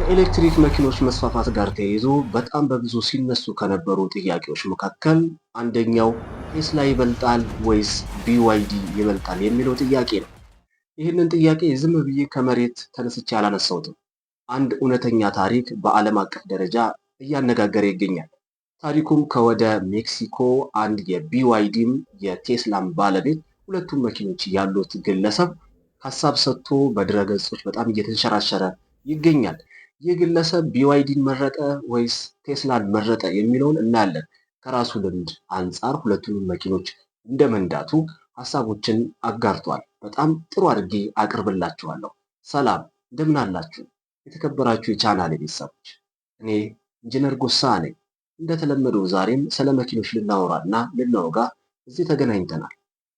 ከኤሌክትሪክ መኪኖች መስፋፋት ጋር ተያይዞ በጣም በብዙ ሲነሱ ከነበሩ ጥያቄዎች መካከል አንደኛው ቴስላ ይበልጣል ወይስ ቢዋይዲ ይበልጣል የሚለው ጥያቄ ነው። ይህንን ጥያቄ ዝም ብዬ ከመሬት ተነስቼ አላነሳውትም። አንድ እውነተኛ ታሪክ በዓለም አቀፍ ደረጃ እያነጋገረ ይገኛል። ታሪኩም ከወደ ሜክሲኮ አንድ የቢዋይዲም የቴስላም ባለቤት ሁለቱም መኪኖች ያሉት ግለሰብ ሀሳብ ሰጥቶ በድረገጾች በጣም እየተንሸራሸረ ይገኛል። ይህ ግለሰብ ቢዋይዲን መረጠ ወይስ ቴስላን መረጠ የሚለውን እናያለን። ከራሱ ልምድ አንጻር ሁለቱንም መኪኖች እንደ መንዳቱ ሀሳቦችን አጋርቷል። በጣም ጥሩ አድርጌ አቅርብላችኋለሁ። ሰላም እንደምን አላችሁ? የተከበራችሁ የቻናል ቤተሰቦች፣ እኔ ኢንጂነር ጎሳ ነኝ። እንደተለመደው ዛሬም ስለ መኪኖች ልናወራ እና ልናወጋ እዚህ ተገናኝተናል።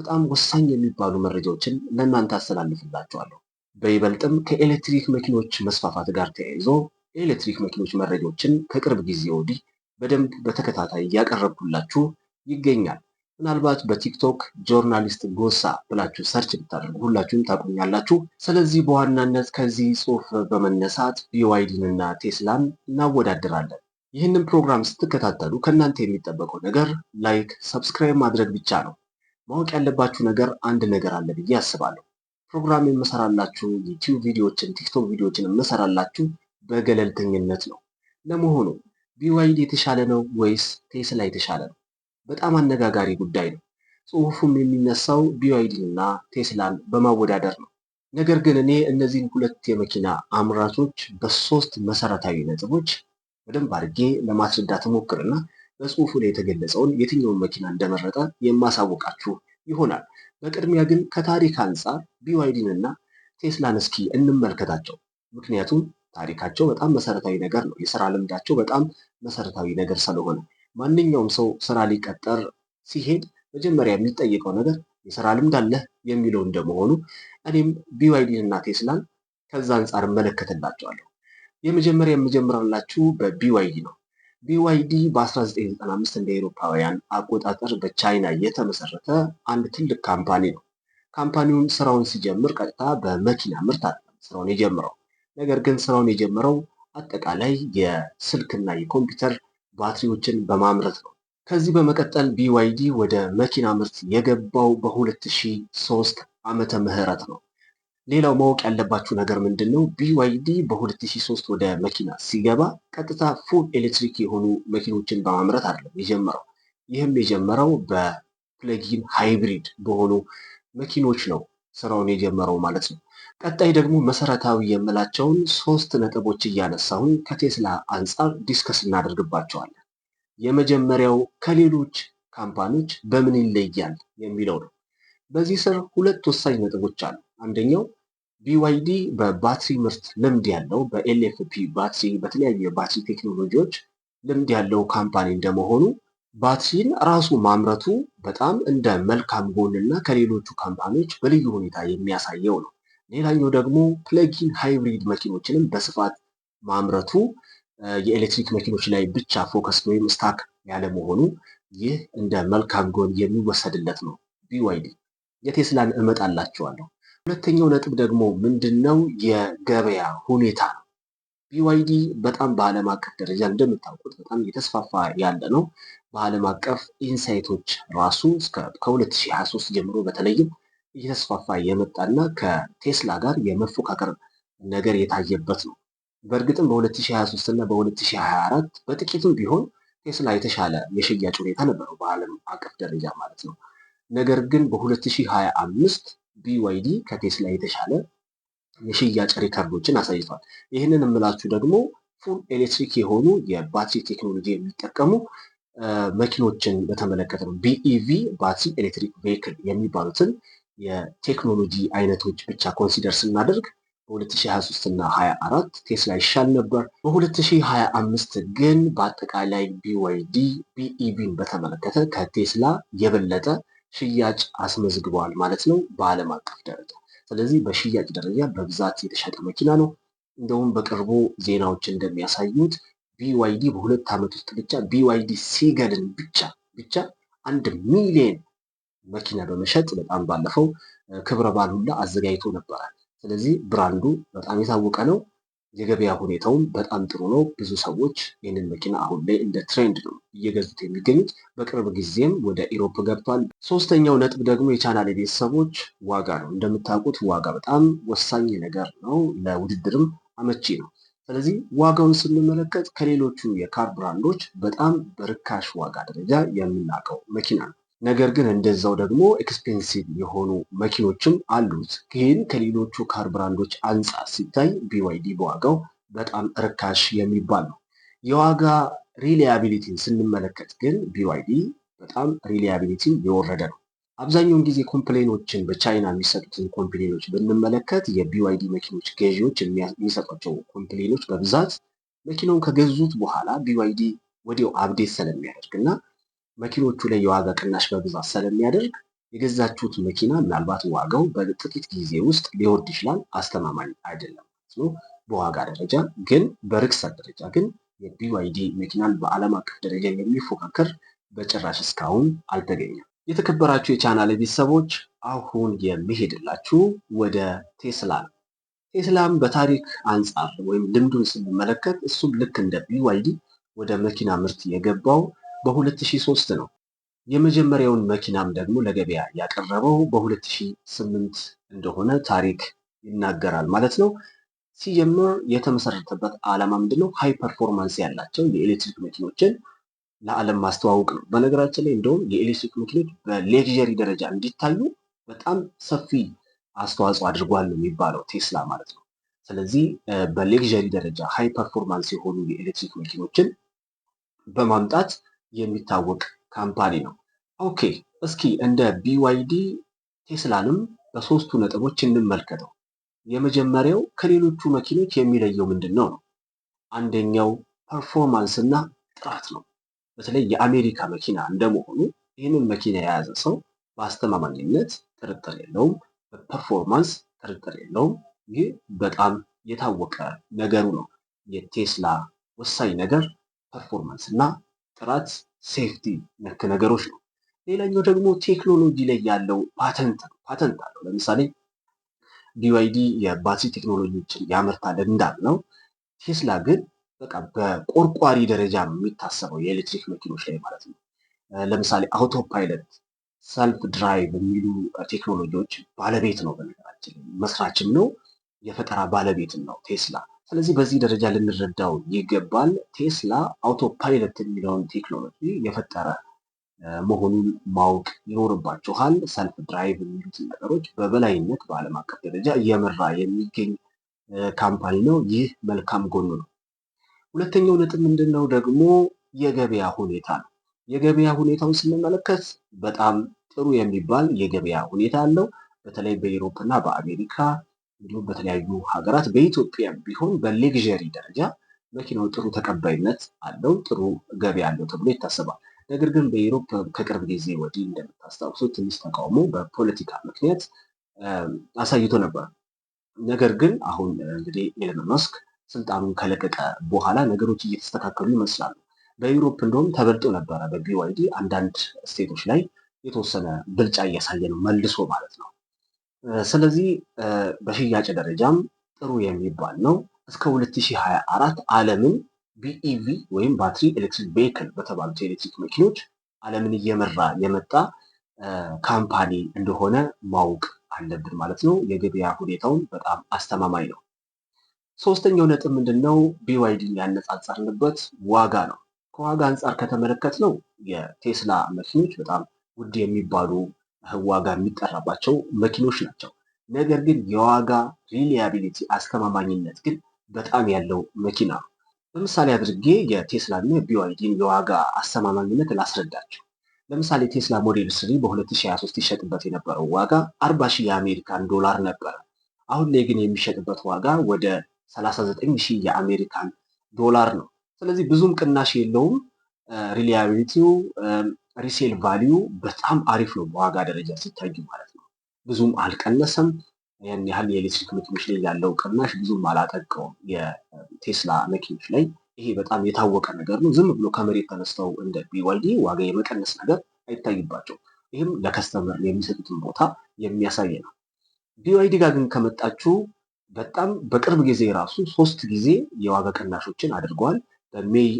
በጣም ወሳኝ የሚባሉ መረጃዎችን ለእናንተ አስተላልፍላችኋለሁ። በይበልጥም ከኤሌክትሪክ መኪኖች መስፋፋት ጋር ተያይዞ የኤሌክትሪክ መኪኖች መረጃዎችን ከቅርብ ጊዜ ወዲህ በደንብ በተከታታይ እያቀረብኩላችሁ ይገኛል። ምናልባት በቲክቶክ ጆርናሊስት ጎሳ ብላችሁ ሰርች ብታደርጉ ሁላችሁም ታቁኛላችሁ። ስለዚህ በዋናነት ከዚህ ጽሑፍ በመነሳት እና ቴስላን እናወዳደራለን። ይህንን ፕሮግራም ስትከታተሉ ከእናንተ የሚጠበቀው ነገር ላይክ፣ ሰብስክራይብ ማድረግ ብቻ ነው። ማወቅ ያለባችሁ ነገር አንድ ነገር አለ ብዬ አስባለሁ። ፕሮግራም የምሰራላችሁ ዩቲዩብ ቪዲዮዎችን፣ ቲክቶክ ቪዲዮዎችን የምሰራላችሁ በገለልተኝነት ነው። ለመሆኑ ቢዋይዲ የተሻለ ነው ወይስ ቴስላ የተሻለ ነው? በጣም አነጋጋሪ ጉዳይ ነው። ጽሁፉም የሚነሳው እና ቴስላን በማወዳደር ነው። ነገር ግን እኔ እነዚህን ሁለት የመኪና አምራቾች በሶስት መሰረታዊ ነጥቦች በደንብ አድርጌ ለማስረዳት ሞክርና በጽሁፉ ላይ የተገለጸውን የትኛውን መኪና እንደመረጠ የማሳወቃችሁ ይሆናል። በቅድሚያ ግን ከታሪክ አንጻር ቢዋይዲን እና ቴስላን እስኪ እንመልከታቸው። ምክንያቱም ታሪካቸው በጣም መሰረታዊ ነገር ነው። የስራ ልምዳቸው በጣም መሰረታዊ ነገር ስለሆነ ማንኛውም ሰው ስራ ሊቀጠር ሲሄድ መጀመሪያ የሚጠየቀው ነገር የስራ ልምድ አለህ የሚለው እንደመሆኑ እኔም ቢዋይዲን እና ቴስላን ከዛ አንጻር እመለከትላቸዋለሁ። የመጀመሪያ የምጀምራላችሁ በቢዋይዲ ነው። ቢዋይዲ በ1995 እንደ ኤሮፓውያን አቆጣጠር በቻይና የተመሰረተ አንድ ትልቅ ካምፓኒ ነው። ካምፓኒውን ስራውን ሲጀምር ቀጥታ በመኪና ምርት አይደለም ስራውን የጀምረው ነገር ግን ስራውን የጀመረው አጠቃላይ የስልክና የኮምፒውተር ባትሪዎችን በማምረት ነው። ከዚህ በመቀጠል ቢዋይዲ ወደ መኪና ምርት የገባው በ2003 ዓመተ ምህረት ነው። ሌላው ማወቅ ያለባችሁ ነገር ምንድን ነው? ቢዋይዲ በ2003 ወደ መኪና ሲገባ ቀጥታ ፉል ኤሌክትሪክ የሆኑ መኪኖችን በማምረት አይደለም የጀመረው። ይህም የጀመረው በፕለጊን ሃይብሪድ በሆኑ መኪኖች ነው ስራውን የጀመረው ማለት ነው። ቀጣይ ደግሞ መሰረታዊ የምላቸውን ሶስት ነጥቦች እያነሳሁን ከቴስላ አንጻር ዲስከስ እናደርግባቸዋለን። የመጀመሪያው ከሌሎች ካምፓኒዎች በምን ይለያል የሚለው ነው። በዚህ ስር ሁለት ወሳኝ ነጥቦች አሉ። አንደኛው ቢዋይዲ በባትሪ ምርት ልምድ ያለው በኤልኤፍፒ ባትሪ በተለያዩ የባትሪ ቴክኖሎጂዎች ልምድ ያለው ካምፓኒ እንደመሆኑ ባትሪን ራሱ ማምረቱ በጣም እንደ መልካም ጎንና ከሌሎቹ ካምፓኒዎች በልዩ ሁኔታ የሚያሳየው ነው። ሌላኛው ደግሞ ፕለጊን ሃይብሪድ መኪኖችንም በስፋት ማምረቱ የኤሌክትሪክ መኪኖች ላይ ብቻ ፎከስ ወይም ስታክ ያለመሆኑ ይህ እንደ መልካም ጎን የሚወሰድለት ነው ቢዋይዲ የቴስላን አላቸዋለሁ ሁለተኛው ነጥብ ደግሞ ምንድነው የገበያ ሁኔታ ነው። ቢዋይዲ በጣም በዓለም አቀፍ ደረጃ እንደምታውቁት በጣም እየተስፋፋ ያለ ነው። በዓለም አቀፍ ኢንሳይቶች ራሱ ከ2023 ጀምሮ በተለይም እየተስፋፋ የመጣና ከቴስላ ጋር የመፎካከር ነገር የታየበት ነው። በእርግጥም በ2023 እና በ2024 በጥቂቱም ቢሆን ቴስላ የተሻለ የሽያጭ ሁኔታ ነበረው በዓለም አቀፍ ደረጃ ማለት ነው። ነገር ግን በ2025 ቢዋይዲ ከቴስላ የተሻለ የሽያጭ ሪከርዶችን አሳይቷል። ይህንን የምላችሁ ደግሞ ፉል ኤሌክትሪክ የሆኑ የባትሪ ቴክኖሎጂ የሚጠቀሙ መኪኖችን በተመለከተ ነው። ቢኢቪ e ባትሪ ኤሌክትሪክ ቬክል የሚባሉትን የቴክኖሎጂ አይነቶች ብቻ ኮንሲደር ስናደርግ በ2023 እና 24 ቴስላ ይሻል ነበር። በ2025 ግን በአጠቃላይ ቢዋይዲ ቢኢቪን e በተመለከተ ከቴስላ የበለጠ ሽያጭ አስመዝግበዋል ማለት ነው በዓለም አቀፍ ደረጃ። ስለዚህ በሽያጭ ደረጃ በብዛት የተሸጠ መኪና ነው። እንደውም በቅርቡ ዜናዎች እንደሚያሳዩት ቢዋይዲ በሁለት ዓመት ውስጥ ብቻ ቢዋይዲ ሲገድን ብቻ ብቻ አንድ ሚሊዮን መኪና በመሸጥ በጣም ባለፈው ክብረ በዓል ሁላ አዘጋጅቶ ነበራል። ስለዚህ ብራንዱ በጣም የታወቀ ነው። የገበያ ሁኔታውም በጣም ጥሩ ነው። ብዙ ሰዎች ይህንን መኪና አሁን ላይ እንደ ትሬንድ ነው እየገዙት የሚገኙት። በቅርብ ጊዜም ወደ ኢሮፕ ገብቷል። ሶስተኛው ነጥብ ደግሞ የቻናል ቤተሰቦች ዋጋ ነው። እንደምታውቁት ዋጋ በጣም ወሳኝ ነገር ነው፣ ለውድድርም አመቺ ነው። ስለዚህ ዋጋውን ስንመለከት ከሌሎቹ የካር ብራንዶች በጣም በርካሽ ዋጋ ደረጃ የምናውቀው መኪና ነው። ነገር ግን እንደዛው ደግሞ ኤክስፔንሲቭ የሆኑ መኪኖችም አሉት። ግን ከሌሎቹ ካር ብራንዶች አንጻር ሲታይ ቢዋይዲ በዋጋው በጣም ርካሽ የሚባል ነው። የዋጋ ሪሊያቢሊቲን ስንመለከት ግን ቢዋይዲ በጣም ሪሊያቢሊቲ የወረደ ነው። አብዛኛውን ጊዜ ኮምፕሌኖችን በቻይና የሚሰጡትን ኮምፕሌኖች ብንመለከት የቢዋይዲ መኪኖች ገዢዎች የሚሰጧቸው ኮምፕሌኖች በብዛት መኪናውን ከገዙት በኋላ ቢዋይዲ ወዲያው አብዴት ስለሚያደርግ እና መኪኖቹ ላይ የዋጋ ቅናሽ በብዛት ስለሚያደርግ የገዛችሁት መኪና ምናልባት ዋጋው በጥቂት ጊዜ ውስጥ ሊወርድ ይችላል። አስተማማኝ አይደለም ማለት ነው። በዋጋ ደረጃ ግን በርክሰት ደረጃ ግን የቢዋይዲ መኪናን በዓለም አቀፍ ደረጃ የሚፎካከር በጭራሽ እስካሁን አልተገኘም። የተከበራችሁ የቻናል ቤተሰቦች አሁን የሚሄድላችሁ ወደ ቴስላ ነው። ቴስላም በታሪክ አንጻር ወይም ልምዱን ስንመለከት እሱም ልክ እንደ ቢዋይዲ ወደ መኪና ምርት የገባው በ2003 ነው። የመጀመሪያውን መኪናም ደግሞ ለገበያ ያቀረበው በ2008 እንደሆነ ታሪክ ይናገራል ማለት ነው። ሲጀምር የተመሰረተበት ዓላማ ምንድን ነው? ሃይ ፐርፎርማንስ ያላቸው የኤሌክትሪክ መኪኖችን ለዓለም ማስተዋወቅ ነው። በነገራችን ላይ እንደውም የኤሌክትሪክ መኪኖች በሌክዠሪ ደረጃ እንዲታዩ በጣም ሰፊ አስተዋጽኦ አድርጓል ነው የሚባለው ቴስላ ማለት ነው። ስለዚህ በሌክዠሪ ደረጃ ሃይ ፐርፎርማንስ የሆኑ የኤሌክትሪክ መኪኖችን በማምጣት የሚታወቅ ካምፓኒ ነው። ኦኬ እስኪ እንደ ቢዋይዲ ቴስላንም በሶስቱ ነጥቦች እንመልከተው። የመጀመሪያው ከሌሎቹ መኪኖች የሚለየው ምንድን ነው? አንደኛው ፐርፎርማንስ እና ጥራት ነው። በተለይ የአሜሪካ መኪና እንደመሆኑ ይህንን መኪና የያዘ ሰው በአስተማማኝነት ጥርጥር የለውም፣ በፐርፎርማንስ ጥርጥር የለውም። ይህ በጣም የታወቀ ነገሩ ነው። የቴስላ ወሳኝ ነገር ፐርፎርማንስ እና ጥራት፣ ሴፍቲ ነክ ነገሮች ነው። ሌላኛው ደግሞ ቴክኖሎጂ ላይ ያለው ፓተንት ነው። ፓተንት አለው። ለምሳሌ ቢዋይዲ የባትሪ ቴክኖሎጂዎችን ያመርታል እንዳልነው፣ ቴስላ ግን በቃ በቆርቋሪ ደረጃ የሚታሰበው የኤሌክትሪክ መኪኖች ላይ ማለት ነው። ለምሳሌ አውቶ ፓይለት፣ ሰልፍ ድራይቭ የሚሉ ቴክኖሎጂዎች ባለቤት ነው። በነገራችን መስራችም ነው የፈጠራ ባለቤትም ነው ቴስላ። ስለዚህ በዚህ ደረጃ ልንረዳው ይገባል ቴስላ አውቶ ፓይለት የሚለውን ቴክኖሎጂ የፈጠረ መሆኑን ማወቅ ይኖርባችኋል። ሰልፍ ድራይቭ የሚሉትን ነገሮች በበላይነት በዓለም አቀፍ ደረጃ እየመራ የሚገኝ ካምፓኒ ነው። ይህ መልካም ጎኑ ነው። ሁለተኛው ነጥብ ምንድን ነው? ደግሞ የገበያ ሁኔታ ነው። የገበያ ሁኔታውን ስንመለከት በጣም ጥሩ የሚባል የገበያ ሁኔታ አለው። በተለይ በኢሮፕ እና በአሜሪካ እንዲሁም በተለያዩ ሀገራት በኢትዮጵያ ቢሆን በሌግዠሪ ደረጃ መኪናው ጥሩ ተቀባይነት አለው፣ ጥሩ ገቢ አለው ተብሎ ይታሰባል። ነገር ግን በኢሮፕ ከቅርብ ጊዜ ወዲህ እንደምታስታውሱት ትንሽ ተቃውሞ በፖለቲካ ምክንያት አሳይቶ ነበር። ነገር ግን አሁን እንግዲህ ኤለን መስክ ስልጣኑን ከለቀቀ በኋላ ነገሮች እየተስተካከሉ ይመስላሉ። በዩሮፕ እንደውም ተበልጦ ነበረ። በቢዋይዲ አንዳንድ ስቴቶች ላይ የተወሰነ ብልጫ እያሳየ ነው መልሶ ማለት ነው። ስለዚህ በሽያጭ ደረጃም ጥሩ የሚባል ነው። እስከ 2024 ዓለምን ቢኢቪ ወይም ባትሪ ኤሌክትሪክ ቬይክል በተባሉት የኤሌክትሪክ መኪኖች ዓለምን እየመራ የመጣ ካምፓኒ እንደሆነ ማወቅ አለብን ማለት ነው። የገበያ ሁኔታውን በጣም አስተማማኝ ነው። ሶስተኛው ነጥብ ምንድን ነው? ቢዋይዲን ያነጻጸርንበት ዋጋ ነው። ከዋጋ አንጻር ከተመለከት ነው የቴስላ መኪኖች በጣም ውድ የሚባሉ ዋጋ የሚጠራባቸው መኪኖች ናቸው። ነገር ግን የዋጋ ሪሊያቢሊቲ አስተማማኝነት ግን በጣም ያለው መኪና ነው። በምሳሌ አድርጌ የቴስላ ና ቢዋይዲን የዋጋ አስተማማኝነት ላስረዳቸው። ለምሳሌ ቴስላ ሞዴል ስሪ በ2023 ይሸጥበት የነበረው ዋጋ 40 ሺህ የአሜሪካን ዶላር ነበረ። አሁን ላይ ግን የሚሸጥበት ዋጋ ወደ 39 ሺህ የአሜሪካን ዶላር ነው። ስለዚህ ብዙም ቅናሽ የለውም። ሪሊያቢሊቲው ሪሴል ቫሊዩ በጣም አሪፍ ነው፣ በዋጋ ደረጃ ሲታዩ ማለት ነው። ብዙም አልቀነሰም። ያን ያህል የኤሌክትሪክ መኪኖች ላይ ያለው ቅናሽ ብዙም አላጠቀውም። የቴስላ መኪኖች ላይ ይሄ በጣም የታወቀ ነገር ነው። ዝም ብሎ ከመሬት ተነስተው እንደ ቢዋልዲ ዋጋ የመቀነስ ነገር አይታይባቸው። ይህም ለከስተመር የሚሰጡትን ቦታ የሚያሳይ ነው። ቢዋይዲ ጋር ግን ከመጣችሁ በጣም በቅርብ ጊዜ ራሱ ሶስት ጊዜ የዋጋ ቅናሾችን አድርገዋል በሜይ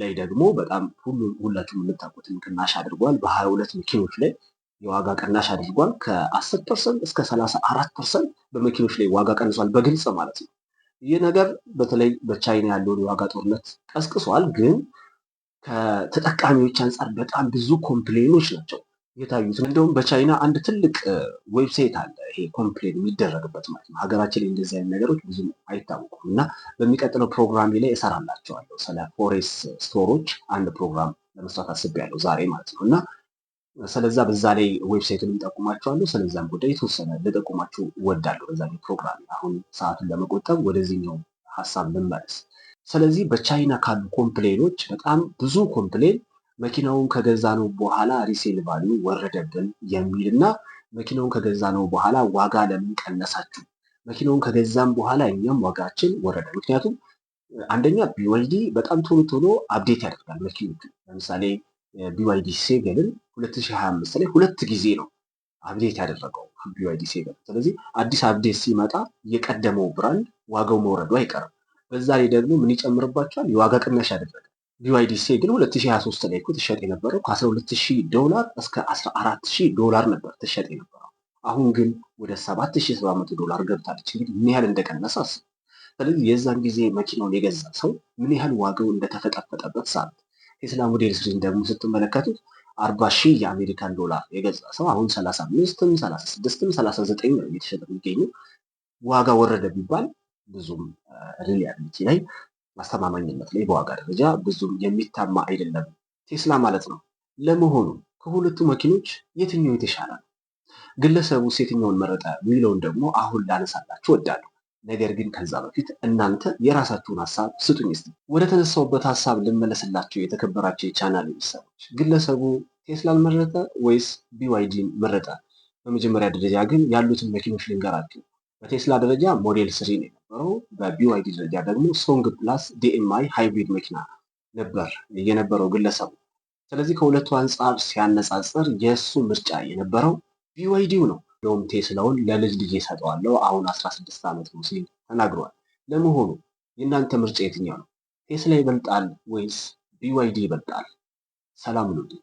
ላይ ደግሞ በጣም ሁላችሁም የምታውቁትን ቅናሽ አድርጓል። በሀያ ሁለት መኪኖች ላይ የዋጋ ቅናሽ አድርጓል። ከአስር ፐርሰንት እስከ ሰላሳ አራት ፐርሰንት በመኪኖች ላይ ዋጋ ቀንሷል፣ በግልጽ ማለት ነው። ይህ ነገር በተለይ በቻይና ያለውን የዋጋ ጦርነት ቀስቅሷል። ግን ከተጠቃሚዎች አንጻር በጣም ብዙ ኮምፕሌኖች ናቸው የታዩት እንደውም በቻይና አንድ ትልቅ ዌብሳይት አለ፣ ይሄ ኮምፕሌን የሚደረግበት ማለት ነው። ሀገራችን ላይ እንደዚህ አይነት ነገሮች ብዙ አይታወቁም እና በሚቀጥለው ፕሮግራም ላይ እሰራላቸዋለሁ ስለ ፎሬስ ስቶሮች አንድ ፕሮግራም ለመስራት አስቤያለሁ ዛሬ ማለት ነው እና ስለዛ በዛ ላይ ዌብሳይቱን እጠቁማቸዋለሁ። ስለዛም ጉዳይ የተወሰነ ልጠቁማችሁ ወዳለሁ በዛ ፕሮግራም። አሁን ሰዓትን ለመቆጠብ ወደዚህኛው ሀሳብ ልመለስ። ስለዚህ በቻይና ካሉ ኮምፕሌኖች በጣም ብዙ ኮምፕሌን መኪናውን ከገዛ ነው በኋላ ሪሴል ቫሉ ወረደብን የሚል እና መኪናውን ከገዛነው በኋላ ዋጋ ለምን ቀነሳችሁ? መኪናውን ከገዛም በኋላ እኛም ዋጋችን ወረደ። ምክንያቱም አንደኛ ቢዋይዲ በጣም ቶሎ ቶሎ አብዴት ያደርጋል መኪኖቹ። ለምሳሌ ቢዋይዲ ሴቨንን 2025 ላይ ሁለት ጊዜ ነው አብዴት ያደረገው ቢዋይዲ ሴቨን። ስለዚህ አዲስ አብዴት ሲመጣ የቀደመው ብራንድ ዋጋው መውረዱ አይቀርም። በዛ ላይ ደግሞ ምን ይጨምርባቸዋል? የዋጋ ቅናሽ ያደረገ ቢዋይዲሲ ግን 2023 ላይ ትሸጥ የነበረው ከ12000 ዶላር እስከ 14000 ዶላር ነበር ትሸጥ የነበረው። አሁን ግን ወደ 7700 ዶላር ገብታለች። እንግዲህ ምን ያህል እንደቀነሰ ስለዚህ የዛን ጊዜ መኪናውን የገዛ ሰው ምን ያህል ዋጋው እንደተፈጠፈጠበት ሳት ቴስላ ሞዴል ስሪን ደግሞ ስትመለከቱት 40 ሺህ የአሜሪካን ዶላር የገዛ ሰው አሁን 35 36 ነው እየተሸጠ ዋጋ ወረደ ቢባል ብዙም ሪሊያቢሊቲ ላይ አስተማማኝነት ላይ በዋጋ ደረጃ ብዙም የሚታማ አይደለም ቴስላ ማለት ነው። ለመሆኑ ከሁለቱ መኪኖች የትኛው የተሻለ ነው? ግለሰቡ የትኛውን መረጠ የሚለውን ደግሞ አሁን ላነሳላችሁ ወዳለሁ። ነገር ግን ከዛ በፊት እናንተ የራሳችሁን ሀሳብ ስጡኝ እስቲ። ወደ ተነሳውበት ሀሳብ ልመለስላቸው የተከበራቸው የቻናል ቤተሰቦች። ግለሰቡ ቴስላን መረጠ ወይስ ቢዋይዲን መረጠ? በመጀመሪያ ደረጃ ግን ያሉትን መኪኖች ልንገራችሁ። በቴስላ ደረጃ ሞዴል ስሪ ነው የነበረው በቢዋይዲ ደረጃ ደግሞ ሶንግ ፕላስ ዲኤምአይ ሃይብሪድ መኪና ነበር የነበረው ግለሰቡ። ስለዚህ ከሁለቱ አንጻር ሲያነጻጽር የእሱ ምርጫ የነበረው ቢዋይዲው ነው። እንደውም ቴስላውን ለልጅ ልጅ ሰጠዋለው አሁን 16 ዓመት ነው ሲል ተናግሯል። ለመሆኑ የእናንተ ምርጫ የትኛው ነው? ቴስላ ይበልጣል ወይስ ቢዋይዲ ይበልጣል? ሰላም ኑልኝ።